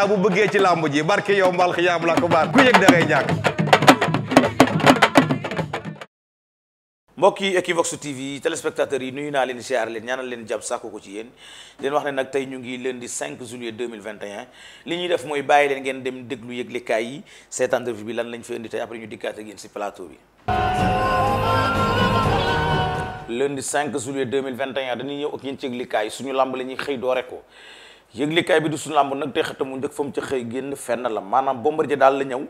naa bu bëggee ci làmb ji barke yow mbal xiyaam la ko baar ku yëg da ngay ñàkk mbokk yi Equivox yi nuyu naa leen siyaar leen ñaanal leen jàpp sàkku ko ci yéen leen wax ne nag tey ñu ngi lundi 5 juillet 2021 li ñuy def mooy bàyyi leen ngeen dem déglu yëglekaay yi seetaan revue bi lan lañ fa indi tey après ñu dikkaat ak yéen si plateau bi lundi 5 juillet 2021 dañuy ñëw ak yéen ci yëglekaay suñu làmb la ñuy xëy doore ko yëglikaay bi du su làmb nag tey xëtam mu njëkk fa mu ca xëy génn fenn la maanaam Bombardier daal la ñëw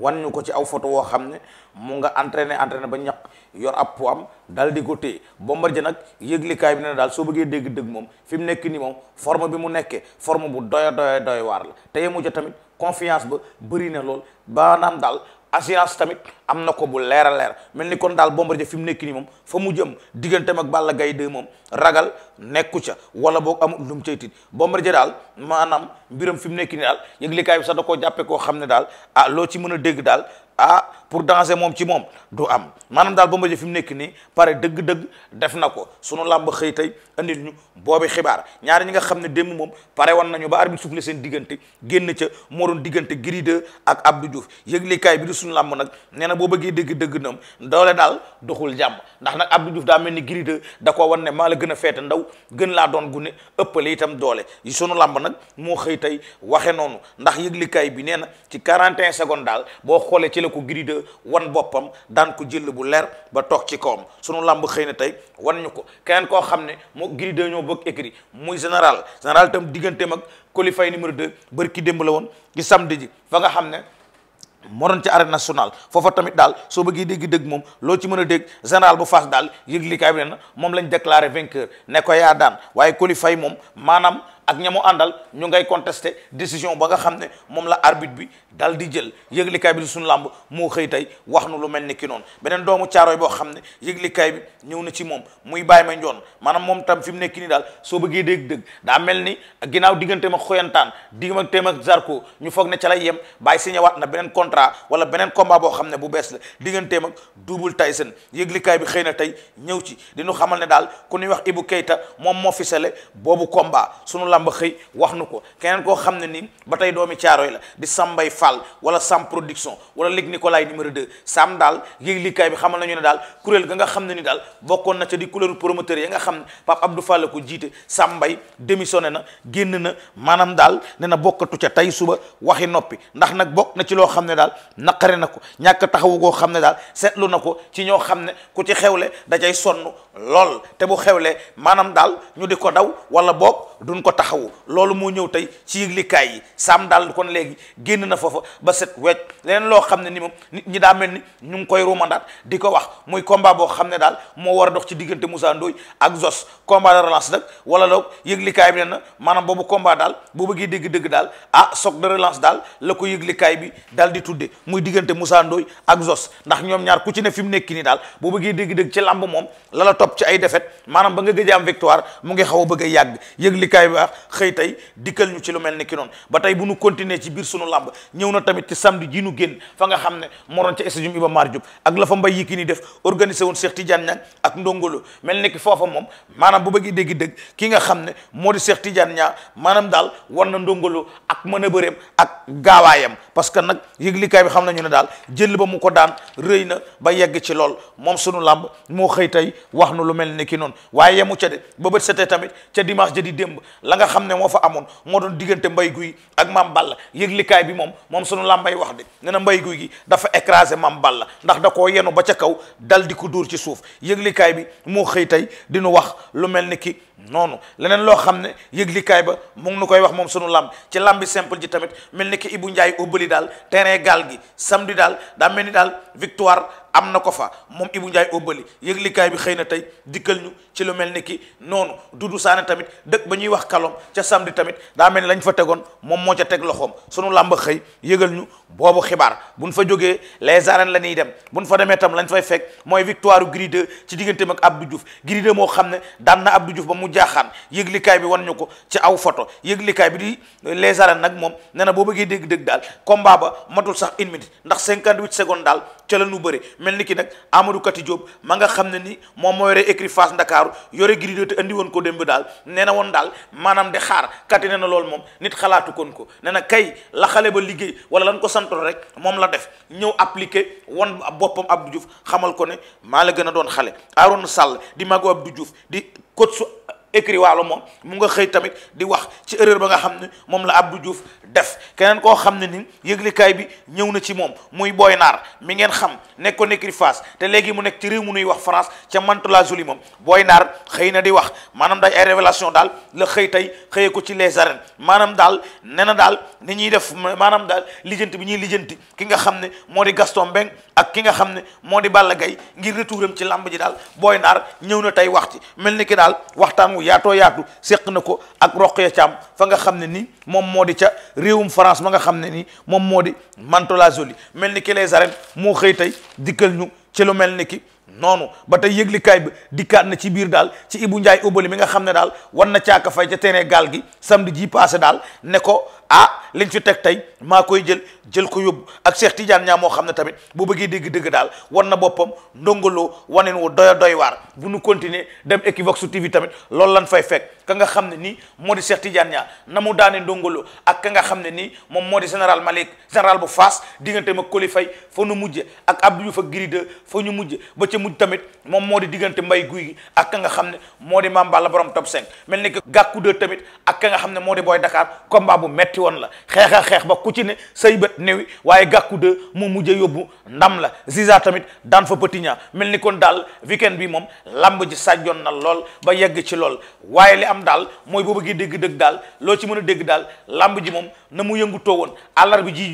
wan ñu ko ci aw photo woo xam ne mu nga entraîné entraîné ba ñaq yor ab am dal di ko téye Bombardier nag yëglikaay bi ne daal soo bëggee dégg dëgg moom fi mu nekk nii moom forme bi mu nekkee forme bu doya doya doy waar la te yemu ca tamit confiance ba bëri na lool baanaam daal assurance tamit am na ko bu leera leer mel ni kon daal Bombardier fi mu nekk nii moom fa mu jëm diggante ak Balla Gaye 2 moom ragal nekku ca wala boo am lu mu cay tiit Bombardier daal maanaam mbiram fi mu nekk nii daal yëglikaay bi sax da koo jàppee koo xam ne daal ah loo ci mën a dégg daal ah pour danser moom ci moom du am maanaam daal Bombardier fi mu nekk nii pare dëgg-dëgg def na ko sunu làmb xëy tey andil ñu boobi xibaar ñaari ñi nga xam ne démb moom pare woon nañu ba arbitre soufflé seen diggante génn ca moo doon diggante Gris ak ak Abdou Diouf yëglikaay bi di suñu làmb nag nee na boo bëggee dëgg dëgg noom doole daal doxul jàmm ndax nag Abdou Diouf daa mel ni Gris da ko wan ne maa la gën a feete ndaw gën laa doon gune ëppale itam doole yi sunu làmb nag moo xëy tey waxe noonu ndax yëglikaay bi nee na ci 41 secondes daal boo xoolee ci la ko wan boppam daan ko jël bu leer ba toog ci kawam sunu làmb xëy na tey wan ñu ko keneen koo xam ne moo Gris dañoo bëgg écrit muy général général tam diggante mag Coly Faye numéro 2 bër ki démb la woon ci samedi ji fa nga xam ne moo doon ci arène national foofa tamit daal soo bëggee dégg dëgg moom loo ci mën a dégg général bu Fass daal yëg li bi ne na moom lañ déclaré vainqueur ne ko yaa daan waaye Coly moom maanaam ak ñamu àndal ñu ngay contesté décision ba nga xam ne moom la arbitre bi dal di jël yëglikaay bi suñu làmb moo xëy tey wax nu lu mel ni ki noonu beneen doomu caarooy boo xam ne yëglikaay bi ñëw na ci moom muy bàyyi ma njoon maanaam moom tam fi mu nekk nii daal soo bëggee dégg dëgg daa mel ni ginnaaw diggante ma xoyantaan digganteem ak Zarko ñu foog ne ca lay yem bàyyi si ñawaat na beneen contrat wala beneen combat boo xam ne bu bees la digganteem ak Double Tyson yëglikaay bi xëy na tey ñëw ci di xamal ne daal ku ñuy wax Ibou Keita moom moo fi sele boobu combat làmb xëy wax nu ko keneen koo xam ne ni ba tey doomi caaroy la di sambay fall wala sam production wala lig Nicolas numéro 2 sam daal yéegi likaay bi xamal nañu ne daal kuréel ga nga xam ne ni daal bokkoon na ca di couleur promoteur ya nga xam ne Pape Abdou Fall ko jiite sambay démissionné na génn na maanaam daal ne na bokkatu ca tey suba waxi noppi ndax nag bokk na ci loo xam ne daal naqare na ko ñàkk taxawu koo xam ne daal seetlu na ko ci ñoo xam ne ku ci xewle da cay sonn lool te bu xewlee maanaam taxawu loolu moo ñëw tey ci yëglikaay yi saam daal kon léegi génn na foofa ba set wecc leneen loo xam ne ni moom nit ñi daa mel ni ñu ngi koy rumandaat di ko wax muy combat boo xam ne daal moo war a dox ci diggante musaa Ndoye ak Zos combat de relance nag wala la yëglikaay bi ne na maanaam boobu combat daal boo bëggee dégg-dégg daal ah soc de relance daal la ko yëglikaay bi daal di tudde muy diggante Moussa Ndoye ak Zos ndax ñoom ñaar ku ci ne fi mu nekk nii daal boo bëggee dégg dëgg ci làmb moom la la topp ci ay défaite maanaam ba nga gëj am victoire mu ngi xaw a bëgg a yàgg yëglikaay bi wax xëy tey dikkal ñu ci lu mel ni ki noonu ba tey bu nu continuer ci biir sunu làmb ñëw na tamit ci samedi ji nu génn fa nga xam ne moroon ca stadium Iba Mar Diop ak la fa mbay yi ki ni def organisé woon Cheikh Tidiane Niang ak ndongolo mel ni ki foofa moom maanaam bu bëggee dégg dëgg ki nga xam ne moo di Cheikh Tidiane Niang maanaam daal war na ndongolo ak mën a bëreem ak gaawaayam parce que nag yëglikaay bi xam nañu ne daal jël ba mu ko daan rëy na ba yegg ci lool moom sunu làmb moo xëy tey wax nu lu mel ni ki noonu waaye yemu ca de ba bët setee tamit ca di démb la nga xam ne moo fa amoon moo doon diggante mbay guy ak maam Balla yëglikaay bi moom moom sunu làmbay wax de ne na mbay guy gi dafa écrasé maam Balla ndax da koo yenu ba ca kaw dal di ko dóor ci suuf yëglikaay bi moo xëy tey di nu wax lu mel ni ki noonu leneen loo xam ne yëglikaay ba mu ngi nu koy wax moom sunu làmb ci làmbi simple ji tamit mel ni ki Ibou Ndiaye ubbali daal terrain gaal gi samedi daal daa mel ni daal victoire am na ko fa moom Ibou Ndiaye Obali yëglikaay bi xëy na tey dikkal ñu ci lu mel ni ki noonu Doudou Sané tamit dëkk ba ñuy wax kalom ca sambi tamit daa mel ni lañ fa tegoon moom moo ca teg loxoom sunu làmb xëy yëgal ñu boobu xibaar nu fa jógee les arènes la ñuy dem nu fa demee tam lañ fay fekk mooy victoire Gris 2 ci diggante ak Abdou Diouf Gris moo xam ne daan na Abdou Diouf ba mu jaaxaan yëglikaay bi wan ñu ko ci aw photo yëglikaay bi di euh, les arènes nag moom nee na boo bëggee dégg-dégg daal combat ba matul sax une minute ndax 58 secondes daal ca la nu bëre mel ni ki nag Amadou Kati Diop ma nga xam ne ni moom moo yore écurie Fass Ndakaaru yore Gris te andi woon ko démb daal nee na woon daal maanaam de xaar kati nee na loolu moom nit xalaatu kon ko nee na kay la xale ba liggéey wala lan ko santoon rek moom la def ñëw appliqué won boppam ab Diouf xamal ko ne maa la gën a doon xale Aaron Sall di magoo Abdou Diouf di coach su écrit waalo moom mu nga xëy tamit di wax ci erreur ba nga xam ne moom la Abdou Diouf def keneen koo xam ne ni yëglikaay bi ñëw na ci moom muy Boy Naar mi ngeen xam nekkoon écrit Fass te léegi mu nekk ci réew mu nuy wax France ca Mantes-la-Jolie moom Boy Naar xëy na di wax maanaam day ay révélation daal la xëy tey xëyee ko ci les arènes maanaam daal nee na daal ni ñuy def maanaam daal lijjanti bi ñuy lijjanti ki nga xam ne moo di Gaston Mbengue ak ki nga xam ne moo di Balla Gaye ngir retouram ci làmb ji daal Boy yaatoo yaatu séq na ko ak roq Roqaya Caam fa nga xam ne nii moom moo di ca réewum France ma nga xam ne ni moom moo di manto la jolie mel ni ki les arènes moo xëy tey dikkal ñu ci lu mel ni ki noonu ba tey yëglikaay bi dikkaat na ci biir daal ci ibu Ndiaye Obali mi nga xam ne daal war na caaka fay ca terrain gaal gi samedi ji passé daal ne ko ah liñ fi teg tey maa koy jël jël ko yóbbu ak Cheikh Tidiane ñaa moo xam ne tamit bu bëggee dégg dëgg daal war na boppam ndongoloo waneen wu doy doy waar bu nu continuer dem Equivox TV tamit loolu lan fay fekk ka nga xam ne nii moo di Cheikh Tidiane ñaa na mu daane ak ka nga xam ne nii moom moo di général Malick général bu Fass diggante ma kolifay fa nu mujje ak Abdou Diouf ak Giride ñu mujje ba ca mujj tamit moom moo di diggante mbay guy gi ak ka nga xam ne moo di Mame la borom top 5 mel ne que gàkku de tamit ak ka nga xam ne moo di booy Dakar combat bu metti woon la xeexa xeex ba ku ci ne say bët newi waaye gàkku de mu mujj yóbbu ndam la Ziza tamit daan fa Petit Niang mel ni kon daal weekend bi moom làmb ji sàjjoon na lool ba yegg ci lool waaye li am daal mooy boo bëggee dégg-dëgg daal loo ci mën a dégg daal làmb ji moom na mu yëngutoo woon àllarba ji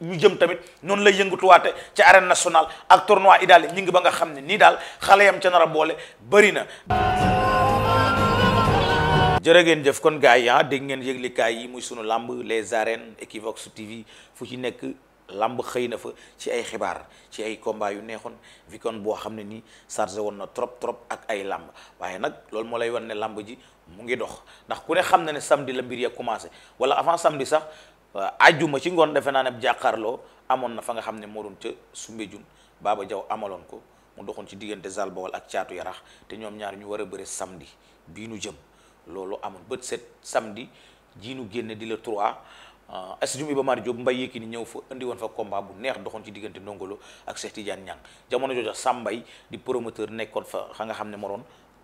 ñu jëm tamit noonu lay yëngatuwaate ci arène nationale ak tournoi idaal ñi ngi ba nga xam ne nii daal xale yam ca nar a boole bëri na jërë ngeen jëf kon gars yi ah, dégg ngeen yëglikaay yi muy sunu làmb les arènes Equivox TV fu ci nekk lamb xëy na fa ci ay xibaar ci ay combat yu neexoon kon boo xam ne nii chargé woon na trop trop ak ay làmb waaye nag loolu moo lay wan ne lamb ji mu ngi dox ndax ku ne xam na ne samedi la mbir ya commencé wala avant samedi sax ajjuma ci ngoon defe naa ne jàkkaarloo amoon na fa nga xam ne moo doon ca Soumbédioune Baba Diaw amaloon ko mu doxoon ci diggante Zal Baol ak Caatu Yarax te ñoom ñaar ñu war a bëre samedi bii nu jëm. loolu amoon bët set jii nu génne di le 3 euh, stadium Iba Mar mbay Mbaye Yékini ñëw fa indi woon fa combat bu neex doxoon ci diggante ndongolo Lo ak Cheikh Tidiane Niang jamono jooja Sambay di promoteur nekkoon fa xa xam ne moroon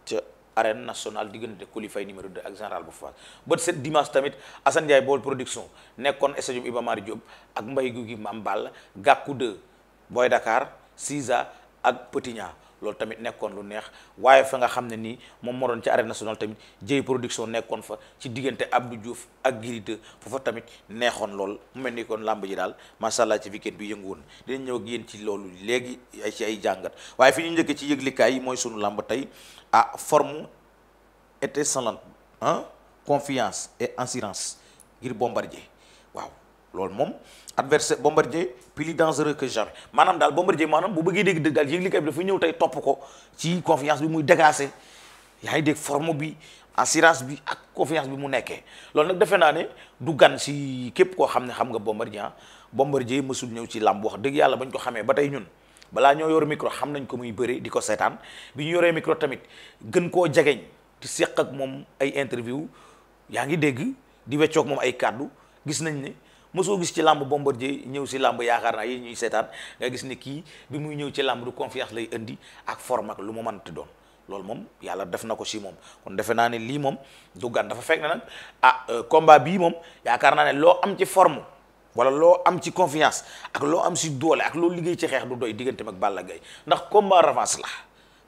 ca arène nationale diggante Kulifay numéro 2 ak général bu Fass bët set dimanche tamit Assane bool production nekkoon stadium Iba Mar Diop ak Mbaye Gouy Gui maam Balla Gakou 2 Boy Dakar Siza ak Petit loolu tamit nekkoon lu neex waaye fa nga xam ne nii moom moo doon ci arène nationale tamit jëy production nekkoon fa ci diggante Abdou Diouf ak Giride foofa tamit neexoon lool mu mel ni kon làmb ji daal macha allah ci weekend bi yëngu woon dinañ ñëw ak yéen ci loolu léegi ci ay jàngat waaye fi ñu njëkkee ci yëglikaay yi mooy sunu làmb tey ah formu était salante ah confiance et assurance ngir bombardier waaw. loolu moom adversaire Bombardier plus dangereux que jamais maanaam daal Bombardier maanaam bu bëggee dégg dëgg daal yëglikaay bi dafa ñëw tey topp ko ci confiance bi muy dégager yaa ngi dégg forme bi assurance bi ak confiance bi mu nekkee loolu nag defe naa ne du gan si képp koo xam ne xam nga Bombardier ah. Bombardier mësul ñëw ci làmb wax dëgg yàlla bañ ko xamee ba tey ñun balaa ñoo yor micro xam nañ ko muy bëri di ko seetaan bi ñu yoree micro tamit gën koo jegeñ di seq ak moom ay interview yaa ngi dégg di weccoog moom ay kàddu gis nañ ne mosoo gis ci làmb Bombardier ñëw si làmb yaakaar naa yi ñuy seetaan nga gis ne kii bi muy ñëw ci làmb du confiance lay indi ak forme ak lu mu mënti doon loolu moom yàlla def na ko si moom kon defe naa ne lii moom du gan dafa fekk ne nag ah euh, combat bii moom yaakaar naa ne loo am ci forme wala loo am ci confiance ak loo am si doole ak loo liggéey ci xeex du doy digganteem ak Balla Gaye ndax combat revanche la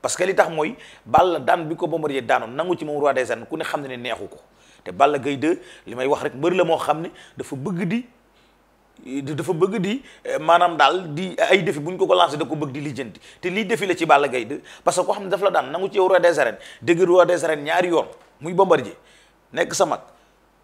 parce que li tax mooy Balla daan bi ko Bombardier daanoon nangu ci moom roi des arènes ku ne xam ne ne neexu ko te Balla Gaye 2 may wax rek mbër la moo xam ne dafa bëgg di dafa bëgg di eh, maanaam daal di eh, ay défi bu ñu ko ko lancé da ko bëgg di lijjanti te lii defi la ci bàll Gaye de parce que ko xam ne daf la daan nangu ci yow roi des arènes dëgg roi des arènes ñaari yoon muy Bombardier nekk sa mag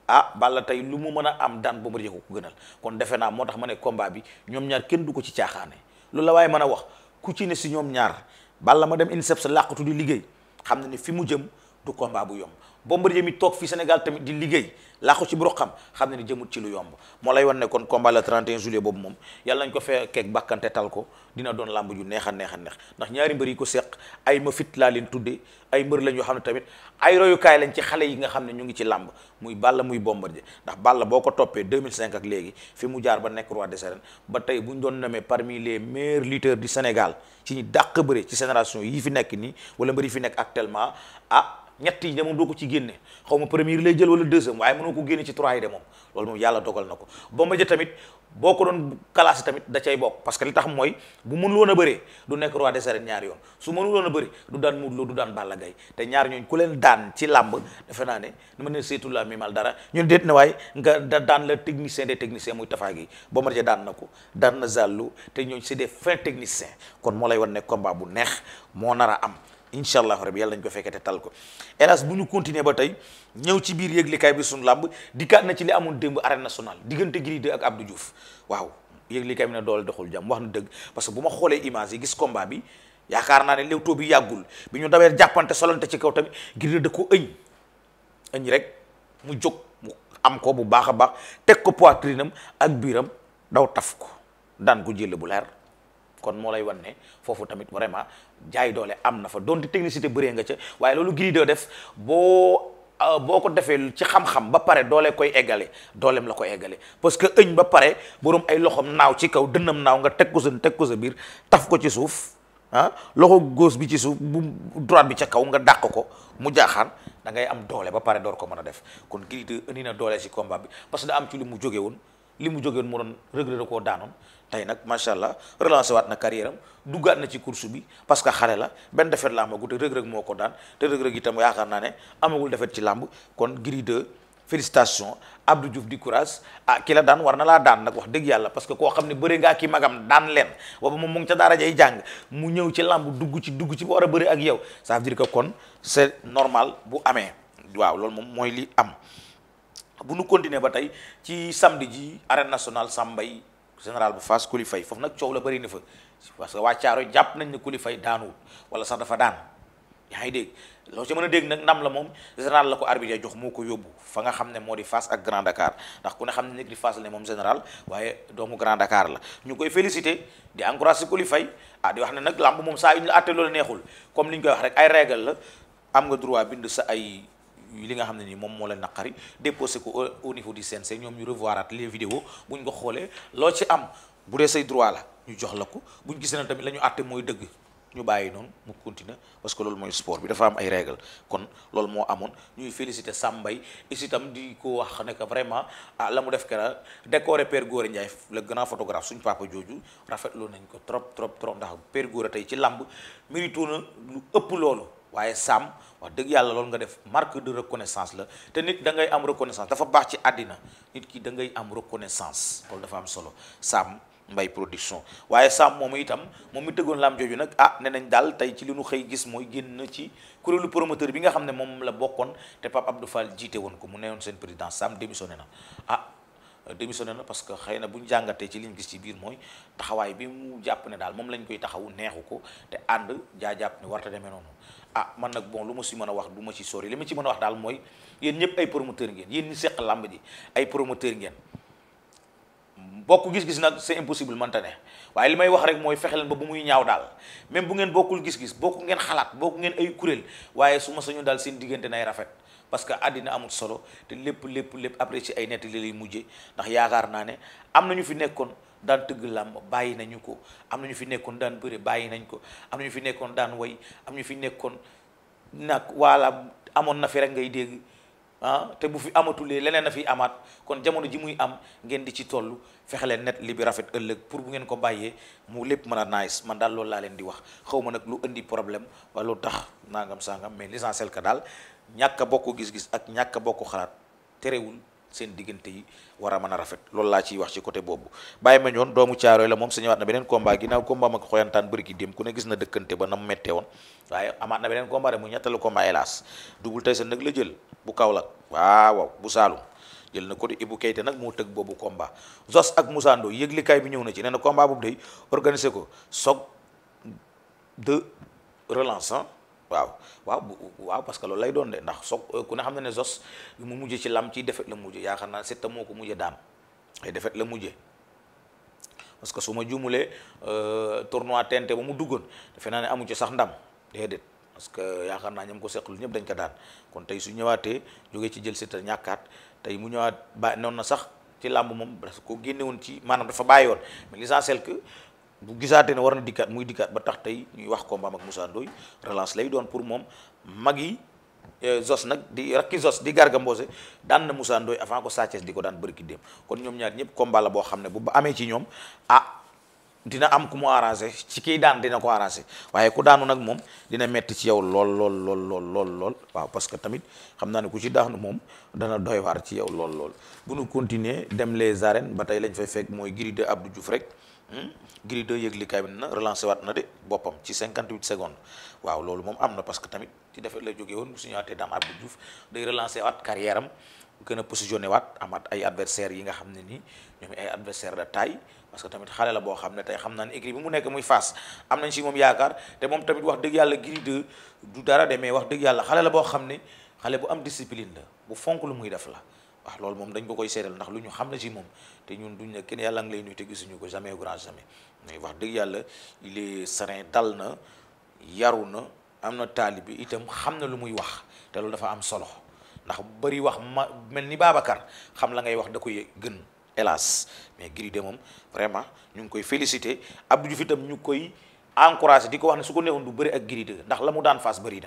ah Balla tey lu mu mën a am daan Bombardier ko gënal kon defe naa moo tax ma ne combat bi ñoom ñaar kenn du ko ci caaxaane loolu la waaye mën a wax ku ci ne si ñoom ñaar Balla ma dem INSEP sa làqatu di liggéey xam na ni fi mu jëm du komba bu yomb Bombardier mi toog fi Sénégal tamit di liggéey laaxu ci buro xam xam ne ni jëmut ci lu yomb moo lay wan ne kon combat le 31 juillet boobu moom yàlla nañ ko fekkeeg bàkkante tal ko dina doon làmb ju neex a neex a ndax ñaari mbër yi ko seq ay ma fit laa leen tudde ay mbër lañ yoo xam ne tamit ay royukaay lañ ci xale yi nga xam ne ñu ngi ci làmb muy Balla muy Bombardier ndax Balla boo ko toppee 2005 ak léegi fi mu jaar ba nekk roi ba tey bu ñu doon nommé parmi les meilleurs lutteurs du Sénégal ci ñi dàq bëre ci génération yi fi nekk nii wala mbër yi fi nekk actuellement ah ñett yi de moom doo ko ci génne xaw ma premier lay jël wala deuxième waaye mënoo ko génne ci trois yi de moom loolu moom yàlla dogal na ko Bombardier tamit boo ko doon classé tamit da cay bokk parce que li tax mooy bu mënul woon a bëree du nekk roi des arènes yoon su mënul woon a bëri du daan Modou Lo du daan Balla Gaye te ñaar ñooñ ku leen daan ci làmb defe ne nu ma la mimal dara ñun déet na waaye nga daan la technicien des techniciens muy Tapha Guèye Bombardier daan na ko daan na zàllu te ñooñ c'est des fins techniciens kon moo lay wan ne combat bu neex moo nar a am incha allah rek yàlla nañ ko fekkete tal ko hélas bu ñu continuer ba tey ñëw ci biir yëglikaay bi suñu làmb dikkaat na ci li amoon démb arène nationale diggante Gris 2 ak Abdou Diouf waaw yëglikaay bi ne doole doxul jam wax na dëgg parce que bu ma xoolee image yi gis combat bi yaakaar naa ne léewtoo bi yàggul bu ñu dawee jàppante solante ci kaw tamit Gris da ko ëñ ëñ rek mu jóg mu am ko bu baax a baax teg ko poitrine am ak biiram daw taf ko daan ko jël bu kon moo lay wan ne foofu tamit vraiment jaay doole am na fa donte technicité bëree nga ca waaye loolu Gris 2 def boo euh, boo ko defee ci xam-xam ba pare doole koy eggale doolem la koy eggale parce que ëñ ba pare borom ay loxom naaw ci kaw dënnam naaw nga teg ko sa teg ko sa biir taf ko ci suuf ah loxo gauche bi ci suuf bu droite bi ca kaw nga dàq ko mu jaaxaan da ngay am doole ba pare door ko mën a def kon Gris 2 indi na doole si combat bi parce que da am ci lu mu jóge li mu jógeen mu doon regret koo daanoon tey nag macha allah relancé waat na carrière am duggaat na ci course bi parce que xale la benn defet la amagu te rëg-rëg moo ko daan te rëg-rëg itam yaakaar naa ne amagul defet ci làmb kon Gris 2 félicitations Abdou Diouf di courage a ah, ki la daan war na laa daan nag wax dëgg yàlla parce que koo xam ne bëri ngaa ki magam daan leen booba moom mu ngi ca daara jàng mu ñëw ci làmb dugg ci dugg ci ba a bëri ak yow ça veut dire kon c'est normal bu amee waaw loolu moom mooy li am bu nu continuer ba tey ci samedi ji arène national Sambay général bu fas Coly Faye foofu nag coow la bëri na fa parce que waa Caaro jàpp nañ ne Coly Faye daanuwut wala sax dafa daan yaa ngi dégg loo ci mën a dégg nag ndam la moom général la ko arbitre jox moo ko yóbbu fa nga xam ne di Fass ak Grand Dakar ndax ku ne xam ne nekk di Fass la moom général waaye doomu Grand Dakar la ñu koy félicité di encouragé Coly Faye ah di wax ne nag làmb moom saa yu ñu la loolu neexul comme li ñu koy wax rek ay règle la am nga droit bind sa ay li nga xam ne nii moom moo la naqari déposé ko au niveau du CNC ñoom ñu revoirat les vidéos buñ ko xoolee loo ci am bu dee say droit la ñu jox la ko buñ gisee ne tamit la ñu àtte mooy dëgg ñu bàyyi noonu mu continuer parce que loolu mooy sport bi dafa am ay règle kon loolu moo amoon ñuy féliciter Sambay itam di ko wax ne vraiment ah la mu def kera décoré Père Goré Ndiaye le grand photographe suñ papa jooju rafetlu nañ ko trop trop trop ndax Père Goré tey ci làmb mérito na lu ëpp loolu waaye sàmm wax dëgg yàlla loolu nga def marque de reconnaissance la te nit da ngay am reconnaissance dafa baax ci àddina nit ki da ngay am reconnaissance loolu dafa am solo sàmm mbay production waaye sàmm moom itam moom mi tëggoon laam jooju nag ah ne nañ daal tey ci li nu xëy gis mooy génn ci kuréelu promoteur bi xam ne moom la bokkoon te Pape Abdou jiite woon ko mu newoon seen président sàmm démissionné na ah démissionné na parce que xëy na bu ñu jàngatee ci liñ gis ci biir mooy taxawaay bi mu jàpp ne daal moom lañ koy taxawu neexu ko te ànd jaa jàpp ne warta demee noonu ah man nag bon lu ma si mën a wax du ma si sori li ma ci mën a wax daal mooy yéen ñëpp ay promoteur ngeen yéen ñi seq làmb ji ay promoteur ngeen bokk gis-gis nag c'est impossible mënta ne waaye li may wax rek mooy fexe leen ba bu muy ñaaw daal même bu ngeen bokkul gis-gis bokk ngeen xalaat bokk ngeen ay kuréel waaye su ma sañu daal seen diggante nay rafet parce que àddina amul solo te lépp lépp lépp après ci ay nett li lay mujje ndax yaakaar naa ne am nañu fi nekkoon daan tëgg làmb bàyyi nañu ko am na ñu fi nekkoon daan bëre bàyyi nañ ko am na ñu fi nekkoon daan woy am ñu fi nekkoon nag waala amoon na fi rek ngay dégg ah te bu fi amatulee leneen na fi amaat kon jamono ji muy am ngeen di ci toll fexe leen net li bi rafet ëllëg pour bu ngeen ko bàyyee mu lépp mën a nice man daal loolu laa leen di wax xaw ma nag lu indi problème wala lu tax nangam sangam mais l'essentiel que daal ñàkk a bokk gis-gis ak ñàkk a bokk xalaat terewul. seen diggante yi war a mën a rafet loolu laa ciy wax ci côté boobu bàyyi ma ñoon doomu caarooy la moom sa sañëwaat na beneen combat ginnaaw combat ma ko xoyantaan bëri ki dem ku ne gis na dëkkante ba nam mettee woon waaye amaat na beneen combat de mu ñettalu combat hélas double tey sa nag la jël bu kaw Kaolack waaw waaw bu Saalum jël na ko di Ibou nag moo tëgg boobu combat Zos ak Moussa Ndo yëglikaay bi ñëw na ci nee na combat boobu day organiser ko soog de relance waaw waaw waaw parce que loolu lay doon de ndax soog euh, ku ne xam na ne Zos mu mujj ci lam ciy defet la mujj yaakaar naa Siteu moo ko mujj daan ay defet la mujje parce que su ma juumulee euh, tournoi TNT ba mu duggoon defe naa ne amu ci sax ndam déedéet parce que yaakaar naa ñam ko seqal ñëpp dañ ko daan kon tey su ñëwaatee jógee ci jël Siteu ñàkkaat tey mu ñëwaat ba noonu na sax ci làmb moom parce que ko génne woon ci maanaam dafa bàyyi woon mais l'essentiel que bu gisaatee ne war na dikkaat muy dikkaat ba tax tey ñuy wax combat ak Moussa Ndoye relance lay doon pour moom mag yi eh, Zos nag di rakki Zos di Garga Mbossé daan na Moussa Ndoye avant ko Sa di ko daan bërki dem kon ñoom ñaar ñëpp combat boo xam ne bu ba amee ci ah, dina am ku mu arrangé ci kiy daan dina ko arrangé waaye ku daanu nag moom dina metti ci yow lool lool lool lool lool lool waaw parce que tamit xam naa ne ku ci daanu moom dana doy waar ci yow lool lool bu nu continuer dem les arènes ba tey lañ fay fekk mooy Gris de Abdou Diouf rek hmm? Gris 2 yëglikaay bi na relancé waat na de boppam ci 58 secondes waaw loolu moom am na parce que tamit ci defet la jógee woon su ñëwaatee Dame Abdou Diouf day relancé waat carrière am gën a positionné waat amaat ay adversaires yi nga xam ne nii ñoom ay adversaire de taille parce que tamit xale la boo xam ne tey xam naa ne écrit bi mu nekk muy Fass am nañ si moom yaakaar te moom tamit wax dëgg yàlla Gris du dara de demee wax dëgg yàlla xale la boo xam ne xale bu am discipline la bu fonk lu muy def la waaw ah, loolu moom dañ ko koy seeral ndax lu ñu xam na si moom te ñun duñ ne kenn yàlla ngi lay nuyu te gisuñu ko jamais grand jamais mais wax dëgg yàlla il est serein dal na yaru na am na taalibi itam xam na lu muy wax te loolu dafa am solo ndax bu bëri wax ma mel ni Babacar xam la ngay wax da koy gën hélas mais Gris de moom vraiment ñu ngi koy féliciter Abdou Diouf itam ñu koy encourager di ko wax ne su ko neexoon du bëri ak Gris ndax la mu daan fas bëri na.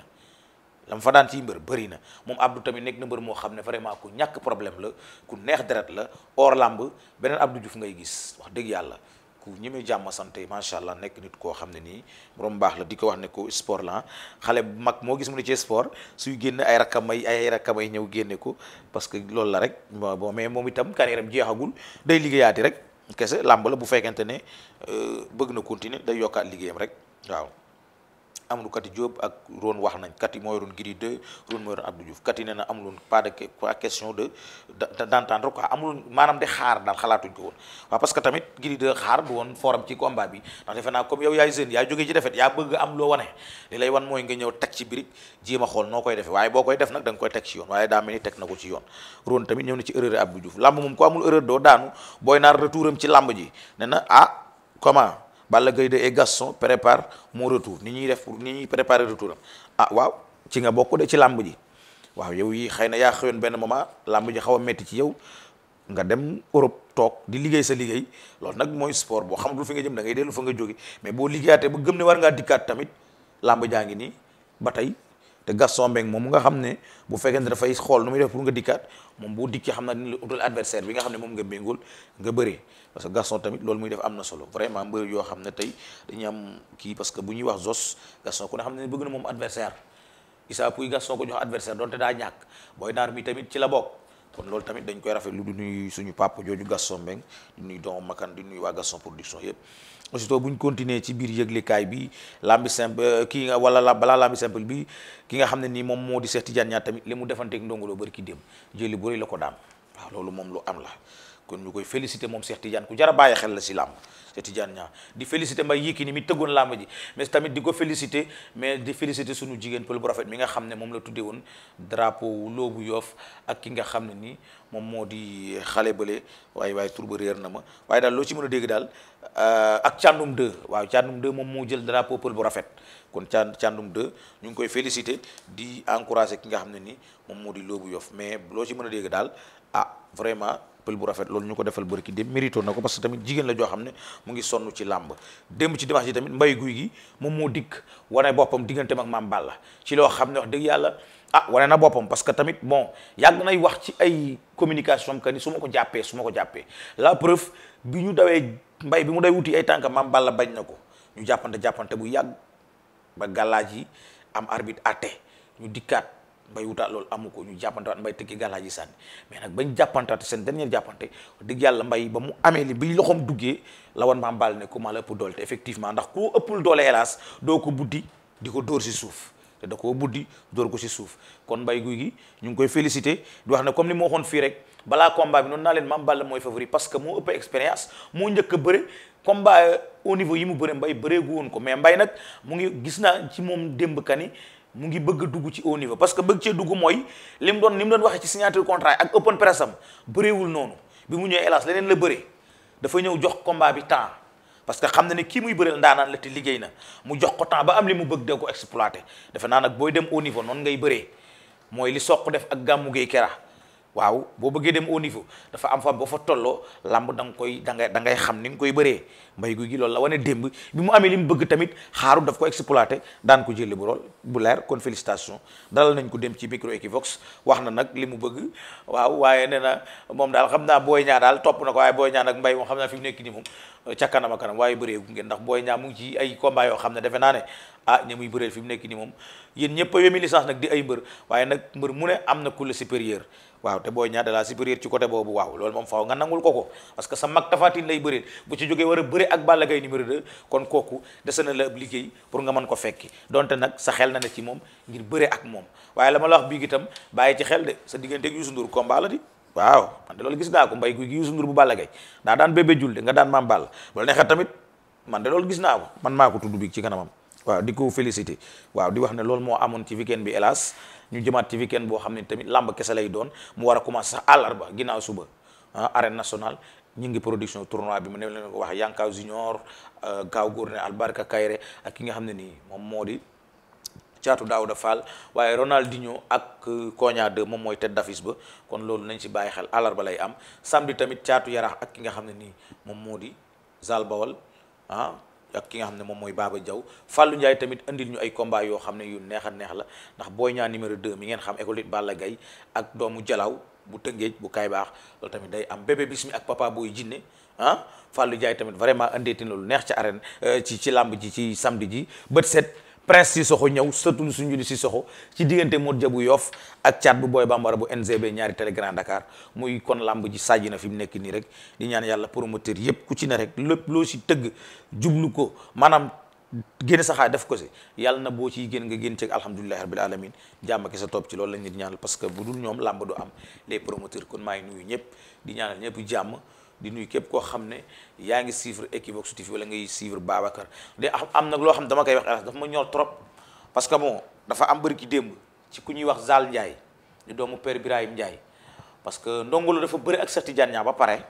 lam fa daan ciy mbër bëri na moom Abdou tamit nekk na mbër moo xam ne vraiment ku ñàkk problème la ku neex deret la or làmb beneen Abdou Diouf ngay gis wax dëgg yàlla ku ñemee jàmm santé macha allah nekk nit koo xam ne nii borom baax la di ko wax ne ko sport la ah. xale bu mag moo gis mu ne ci sport suy génn ay rakamay ay rakamay ñëw génne ko parce que loolu la rek bon mais moom itam carrière am jeexagul day liggéeyaati rek kese làmb la bu fekkente ne euh, bëgg na continuer day yokkaat liggéeyam rek waaw. amul kati Diop ak Ron wax nañ kati mooy Ron Giri 2 Ron mooy Ron Abdou Diouf kati nee na amuloon pas de quoi question de d'entendre quoi amuloon maanaam de xaar daal xalaatuñ ko woon waaw parce que tamit Giri 2 xaar du woon forum ci combat bi ndax defe naa comme yow yaay jeune yaay jógee ci defet yaa bëgg am loo wane li lay wan mooy nga ñëw teg ci birig jéem a xool noo koy defe waaye boo koy def nag danga koy teg ci yoon waaye daa mel ni teg na ko ci yoon Ron tamit ñëw na ci erreur Abdou Diouf làmb moom ko amul làmb ji ne na ah comment Balla Gaye 2 et Gaston prépare mon retour ni ñuy def pour ni ñuy préparer retour am ah waaw ci nga bokk de ci làmb ji waaw yow yi xëy na yaa xëyoon benn moment làmb ji xaw a metti ci yow nga dem Europe toog di liggéey sa liggéey loolu nag mooy sport boo xamatul fi nga jëm dangay ngay dellu fa nga jóge mais boo liggéeyaatee ba gëm ne war ngaa dikkaat tamit làmb jaa ngi nii ba tey te Gaston Mbengue moom mu nga xam ne bu fekkee ne dafay xool nu muy def pour nga dikkaat moom bu dikkee xam naa dina utal adversaire bi nga xam ne moom nga méngul nga bëri parce que Gaston tamit loolu muy def am na solo vraiment mbër yoo xam ne tey dañuy am kii parce que bu ñuy wax Zos Gaston ku ne xam ne bëgg na moom adversaire Issa Pouye Gaston ko jox adversaire doonte daa ñàkk Boy Naar mi tamit ci la bokk kon loolu tamit dañ koy lu du nuy suñu papa jooju Gaston Mbengue di nuyu doomu Makan di nuyu waa Gaston production yëpp aussitôt bu ñu continuer ci biir yëglekaay bi lambi simple euh, kii nga wala la balaa lambi simple bi ki nga xam ne nii moom moo di Cheikh Tidiane Niang tamit li mu defanteeg ndongoloo bari ki dem jëli bu rëy la ko daan waaw loolu moom lu am la kon ñu koy félicité moom Cheikh Tidiane ku jara bàyyi xel la si làmb Cheikh Tidiane ñaa di félicité mbay yii ki ni mi tëggoon làmb ji mais tamit di ko félicité mais di félicité sunu jigéen pël bu rafet mi nga xam ne moom la tuddee woon drapeau loobu yoof ak ki nga xam ne nii moom moo di xale bële waaye waaye tur ba réer na ma waaye daal loo ci mën a dégg daal euh, ak càndum 2 waaw càndum 2 moom moo jël drapeau pël bu rafet kon can càndum 2 ñu ngi koy félicité di encouragé ki nga xam ne ni moom moo di loobu yoof mais loo ci mën a dégg daal ah vraiment pël bu rafet loolu ñu ko defal bërki dem mérito na ko parce que tamit jigéen la joo xam ne mu ngi sonn ci làmb démb ci dimanche yi tamit mbay guy gi moom moo dikk wane boppam diggante ak maam Balla ci loo xam ne wax dëgg yàlla ah wane na boppam parce que tamit bon yàgg nay wax ci ay communication am que ni su ma ko jàppee su ma ko jàppee la preuve bi ñu dawee mbay bi mu day wuti ay tànk maam Balla bañ na ko ñu jàppante jàppante bu yàgg ba gàllaaj yi am arbitre atte ñu dikkaat mbay wutaat loolu amu ko ñu jàppantewaat mbay tëggi gàllaaji sànni mais nag bañ jàppantewaat seen dernier jàppante dëgg yàlla mbay ba mu amee li bi loxoom duggee la wan maam baal ne ku ma la ëpp doole te effectivement ndax ku ëppul doo ko buddi di ko dóor si suuf te da koo buddi dóor ko si suuf kon mbay guy gi ñu ngi koy félicité di wax ne comme li ma waxoon fii rek balaa combat bi noonu naa leen maam baal mooy favori parce que moo ëpp expérience moo njëkk a comme combat au niveau yi mu bëre mbay bëreegu woon ko mais mbay nag mu ngi gis naa ci moom démb kani mu ngi bëgg dugg ci haut niveau parce que bëgg cee dugg mooy li mu doon li mu doon waxee ci signature contrat ak open press am bëreewul noonu bi mu ñëwee hélas leneen la bëree dafa ñëw jox combat bi temps parce que xam na ne kii muy bëreel ndaanaan la te liggéey na mu jox ko temps ba am li mu bëgg da ko exploité defe naa nag booy dem haut niveau noonu ngay bëree mooy li soq def ak gàmmu gay kera waaw boo bëggee dem au niveau dafa am fa ba fa tolloo lamb da koy da ngay xam ni nga koy bëree mbay guy gi loolu la wane démb bi mu amee li mu bëgg tamit xaaru daf ko exploité daan ko jëlee bu rool bu leer kon félicitation dalal nañ ko dem ci micro Equivox wax na nag li mu bëgg waaw waaye nee na moom daal xam naa booy ñaa daal topp na ko waaye booy ñaa nag mbay xam naa fi mu nekk nii moom ca kanam waaye bëree gu ngeen ndax booy ñaa mu ngi ci ay combat yoo xam ne defe naa ne ah ña muy bëreel fi mu nekk nii moom yéen ñëpp a yemi licence nag di ay mbër waaye nag mbër mu ne am na ku le supérieur waaw te Boy Niang laa la supérieur ci côté boobu waaw loolu moom faaw nga nangul ko ko parce que sa mag Tapha Tine lay bëreel bu ci jógee war a bëre ak Balla Gaye numéro 2 kon kooku dese na la ab liggéey pour nga man ko fekki donte nag sa xel na ne ci moom ngir bëre ak moom waaye la ma la wax bii itam bàyyi ci xel de sa diggante ak Youssou Ndour combat di waaw man de loolu gis naa ko mbay guy gi Youssou bu Balla Gaye daa daan bébé julde nga daan maam Balla loolu neexee tamit man de loolu gis naa man maa ko tudd ci kanamam waaw di ko félicité waaw di wax ne loolu moo amoon ci weekend bi hélas ñu jëmaat ci weekend boo xam ne tamit làmb kese lay doon mu war a commencé sax àllarba ginnaaw suba ah arène nationale ñu ngi production tournoi bi mu ne leen ko wax Yankaw Junior Kaw euh, Gourné Albarka Kayre ak ki nga xam ne nii moom moo di caatu Daouda Fall waaye Ronaldinho ak euh, Koña 2 moom mooy tête d'affiche ba kon loolu nañ si bàyyi xel àllarba lay am samedi tamit caatu Yarax ak ki nga xam ne nii moom moo di Zal ah, ak ki nga xam ne moom mooy Baba Diaw Fallou Ndiaye tamit andil ñu ay combat yoo xam ne yu neex a neex la ndax Boy Niang numéro 2 mi ngeen xam école Balla gay ak doomu Jalaaw bu Tëngéej bu Kaay Baax loolu tamit day am bébé bismi ak papa booy jinne ah Fallou Ndiaye tamit vraiment andeeti na lu neex ci arène euh, ci ci làmb ji ci samedi ji bët set prince Sissoko ñëw sëtul suñu di Sissoko ci diggante Modou Dia bu Yoff ak caat bu Boy Bambara bu NGB ñaari télé Grand Dakar muy kon làmb ji sàjj na fi mu nekk nii rek di ñaan yàlla promoteur yépp ku ci ne rek lépp loo si tëgg jublu ko maanaam génn sa def ko si yàlla na boo ci génn nga génn ceeg alhamdulillahi rabbil alamin jàmm ki sa topp ci loolu lañ di ñaanal parce que bu dul ñoom làmb du am les promoteurs kon maa ngi nuyu ñëpp di ñaanal ñëpp jàmm di nuyu képp koo xam ne yaa ngi suivre Equivox TV wala ngay suivre Babacar de am nag loo xam dama koy wax El dafa ma ñor trop parce que bon dafa am bëri démb ci ku ñuy wax zaal Ndiaye ñu doomu père Birahim Ndiaye parce que ndongolo dafa bëri ak Cheikh Tidiane Niang ba pare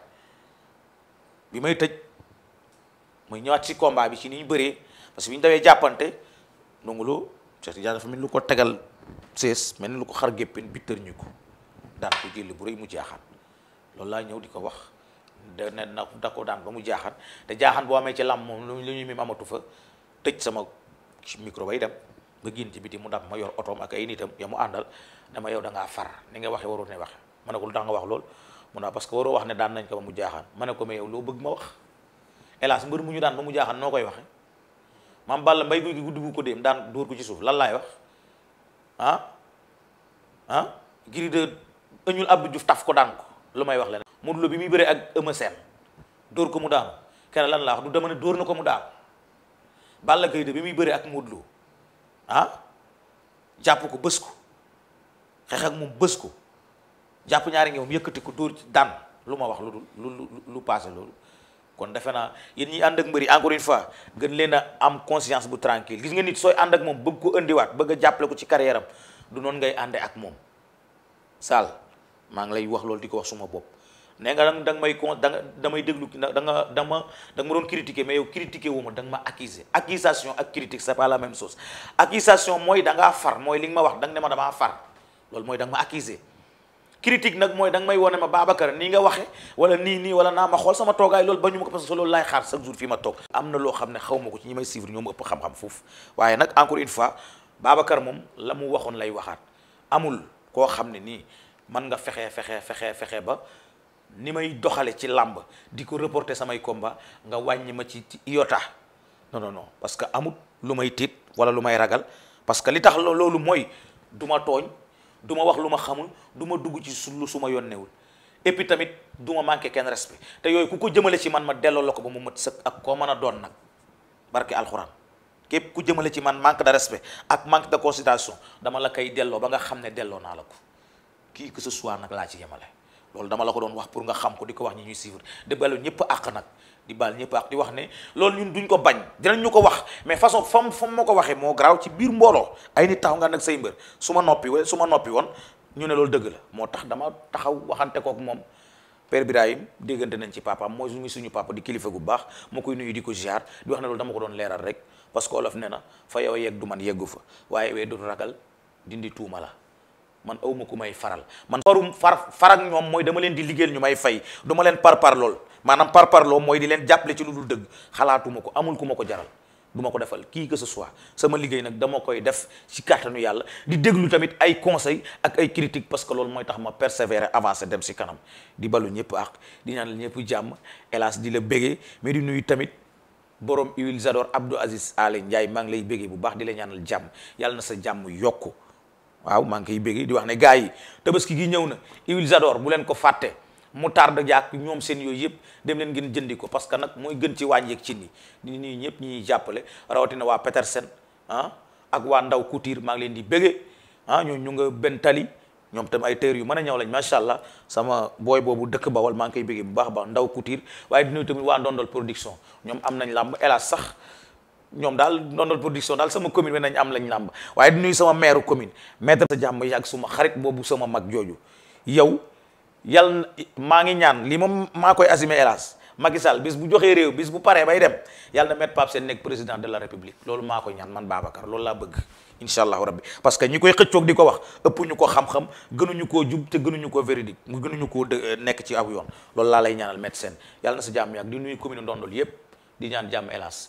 bi may tëj muy ñëwaat ci combat bi ci ni ñu bëree parce que bi ñu dawee jàppante ndongolo Cheikh Tidiane dafa mel lu ko tegal sees mel ni lu ko xar géppin bi ñu ko daan ko jël bu rey mu jaaxaan loolu laa ñëw di ko wax. da ne na da ko daan ba mu jaaxan te jaaxan boo amee ci lam moom lu ñuy mim amatu fa tëj sama micro bay dem ba génn ci biti mu dab ma yor otoom ak ay nitam ya mu àndal dama yow da ngaa far ni nga waxe waroo ne wax ma ne ko lu wax lool mu ne ah, parce que waroo wax ne daan nañ ko ba mu jaaxaan ma ne ko loo bëgg ma wax hélas mbër mu ñu daan mu jaaxaan noo koy waxe maam Balla mbay guy gi guddi gu ko dem daan dóor ko ci suuf lan laay wax ah ah giri de ëñul Abdou Diouf taf ko daan ko lu may wax leneen Modou bi muy bëre ak Eumeu Sène dóor ko mu daanu keneen lan laa wax du dama ne dóor na ko mu daanu Balla Gaye de bi muy bëre ak Modou Lo ah jàpp ko bës ko xeex ak moom bës ko jàpp ñaari ngewam yëkkati ko dóor ci lu ma wax lu dul lu lu passé loolu kon defe naa yéen ñi ànd ak mbëri encore une fois gën leen a am conscience bu tranquille gis nga nit sooy ànd ak moom bëgg ko indiwaat bëgg a jàppale ko ci carrière am du noon ngay ànde ak moom Sall maa ngi lay wax loolu di ko suma bopp nee nga dang danga may con da damay déglu da nga nga ma doon critiquer mais yow critiquer wu ma da nga ma accuser accusation ak critique c'est pas la même chose accusation mooy danga ngaa far mooy li nga ma wax da nga ne ma damaa far loolu mooy da nga ma accuser critique nag mooy da nga may wone ma Babacar nii nga waxe wala nii nii wala naa ma xool sama toogaay loolu bañu ma ko parce que loolu laay xaar chaque jour fii ma toog am na loo xam ne xaw ma ko ci ñi may suivre ñoo ma ëpp xam-xam foofu nag encore une fois Babacar moom la mu waxoon lay waxaat amul koo xam ne nii mën nga fexe fexe fexe fexe ba ni may doxale ci làmb di ko reporter samay combat nga wàññi ma ci yota non non non parce que amut lu may tiit wala lu may ragal parce que li tax loolu mooy du ma tooñ du ma wax lu ma xamul du ma dugg ci su suma su ma yonnewul et puis tamit du ma manqué kenn respect te yooyu ku ko jëmale ci man ma delloo la ko ba mu mat sëkk ak koo mën a doon nag barke alxuraan képp ku jëmale ci man manque de respect ak manque de considération dama la koy delloo ba nga xam ne delloo naa la ko kii que ce soit nag laa ci yemale. loolu dama la ko doon wax pour nga xam ko di ko wax ñu ñuy suivre di balu ñëpp àq nag di bal ñëpp àq di wax ne loolu ñun duñ ko bañ dinañ ñu ko wax mais façon fam fam ma ko waxee moo garaaw ci biir mbooloo ay nit taxaw nga nag say mbër su ma noppi wala su ma noppi woon ñu ne loolu dëgg la moo tax dama taxaw waxante kook moom Père Birahim déggante nañ ci papaam mooy suñu suñu papa di kilifa gu baax moo koy nuyu di ko ziar di wax ne loolu dama ko doon leeral rek parce que olof ne fa yow du man yeggu fa waaye wee du ragal dindi tuuma la man awma ku may faral man farum far farak ñoom mooy dama leen di liggéeyal ñu may fay du leen parpar lool maanaam parpar lool mooy di leen jàppale ci lu dul dëgg xalaatuma ko amul ku ma ko jaral du ma ko defal kii que ce sama liggéey nag dama koy def ci kàttanu yàlla di déglu tamit ay conseil ak ay critique parce que loolu mooy tax ma persévérer avancer dem ci kanam di balu ñëpp ak di ñaanal ñëpp jàmm hélas di la bégee mais di nuyu tamit borom huile Zador Abdou Aziz Alé Ndiaye maa ngi lay bégee bu baax di la ñaanal jàmm yàlla na sa jàmm yokku waaw maa ngi koy di wax ne gars yi tabaski gi ñëw na huile bu leen ko fàtte moutarde jaak ñoom seen yooyu yëpp dem leen ngeen jëndi ko parce que nag mooy gën ci waañ yeeg ci ni ni nii ñëpp ñi jàppale rawatina waa Petersen ah ak waa Ndaw Couture maa ngi leen di bëggee ah ñoo ñu nga benn ñoom tam ay tër yu mën a ñëw lañ macha allah sama booy boobu dëkk Bawol maa ngi koy bëggee bu baax baax Ndaw Couture waaye di nuyu tamit waa Ndondol production ñoom am nañ làmb hélas sax ñoom daal ndondol production daal sama commune nañ am lañ làmb waaye du nuyu sama maire commune maître sa jàmm yi ak suma xarit boobu sama mag jooju yow yal maa ngi ñaan lii moom maa koy assumer hélas Macky Sall bis bu joxee réew bis bu paree bay dem yàlla na mettre Pape Sène nekk président de la république loolu maa ko ñaan man Babacar loolu laa bëgg incha allahu rabbi parce que ñi koy xëccoog di ko wax ëpp ñu ko xam-xam gënuñu koo jub te gënuñu koo véridique mu gënuñu koo euh, nekk ci ab yoon loolu laa lay ñaanal mettre Sène yàlla na sa jàmm yàgg di nuyu di ñaan jàmm hélas